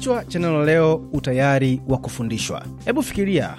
Kichwa cha neno leo, utayari wa kufundishwa. Hebu fikiria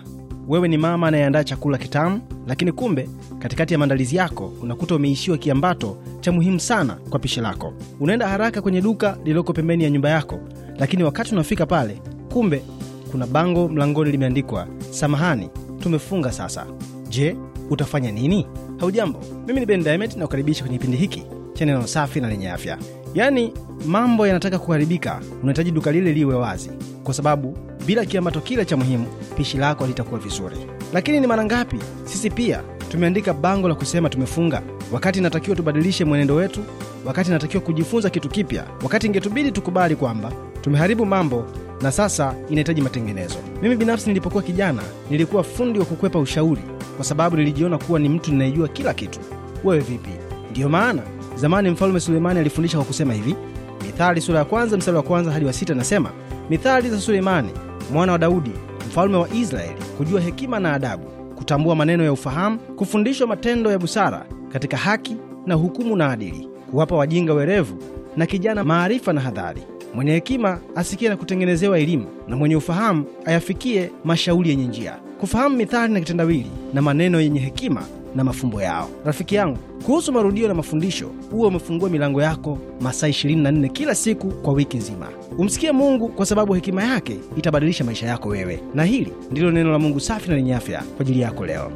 wewe ni mama anayeandaa chakula kitamu, lakini kumbe katikati ya maandalizi yako unakuta umeishiwa kiambato cha muhimu sana kwa pishi lako. Unaenda haraka kwenye duka lililoko pembeni ya nyumba yako, lakini wakati unafika pale, kumbe kuna bango mlangoni limeandikwa, samahani, tumefunga sasa. Je, utafanya nini? Haujambo, mimi ni Ben Diamond na kukaribisha kwenye kipindi hiki cha neno safi na lenye afya. Yaani mambo yanataka kuharibika, unahitaji duka lile liwe wazi, kwa sababu bila kiambato kile cha muhimu pishi lako litakuwa vizuri. Lakini ni mara ngapi sisi pia tumeandika bango la kusema tumefunga, wakati inatakiwa tubadilishe mwenendo wetu, wakati inatakiwa kujifunza kitu kipya, wakati ingetubidi tukubali kwamba tumeharibu mambo na sasa inahitaji matengenezo. Mimi binafsi nilipokuwa kijana nilikuwa fundi wa kukwepa ushauri, kwa sababu nilijiona kuwa ni mtu ninayejua kila kitu. Wewe vipi? Ndiyo maana Zamani mfalme Sulemani alifundisha kwa kusema hivi, Mithali sura ya kwanza mstari wa kwanza hadi wa sita anasema mithali za suleimani mwana wa Daudi mfalme wa Israeli, kujua hekima na adabu, kutambua maneno ya ufahamu, kufundishwa matendo ya busara katika haki na hukumu na adili, kuwapa wajinga werevu na kijana maarifa na hadhari. Mwenye hekima asikie na kutengenezewa elimu, na mwenye ufahamu ayafikie mashauri yenye njia. Kufahamu mithali na kitendawili na maneno yenye hekima na mafumbo yao. Rafiki yangu, kuhusu marudio na mafundisho, huwe umefungua milango yako masaa 24 kila siku kwa wiki nzima. Umsikie Mungu kwa sababu hekima yake itabadilisha maisha yako wewe, na hili ndilo neno la Mungu safi na lenye afya kwa ajili yako leo.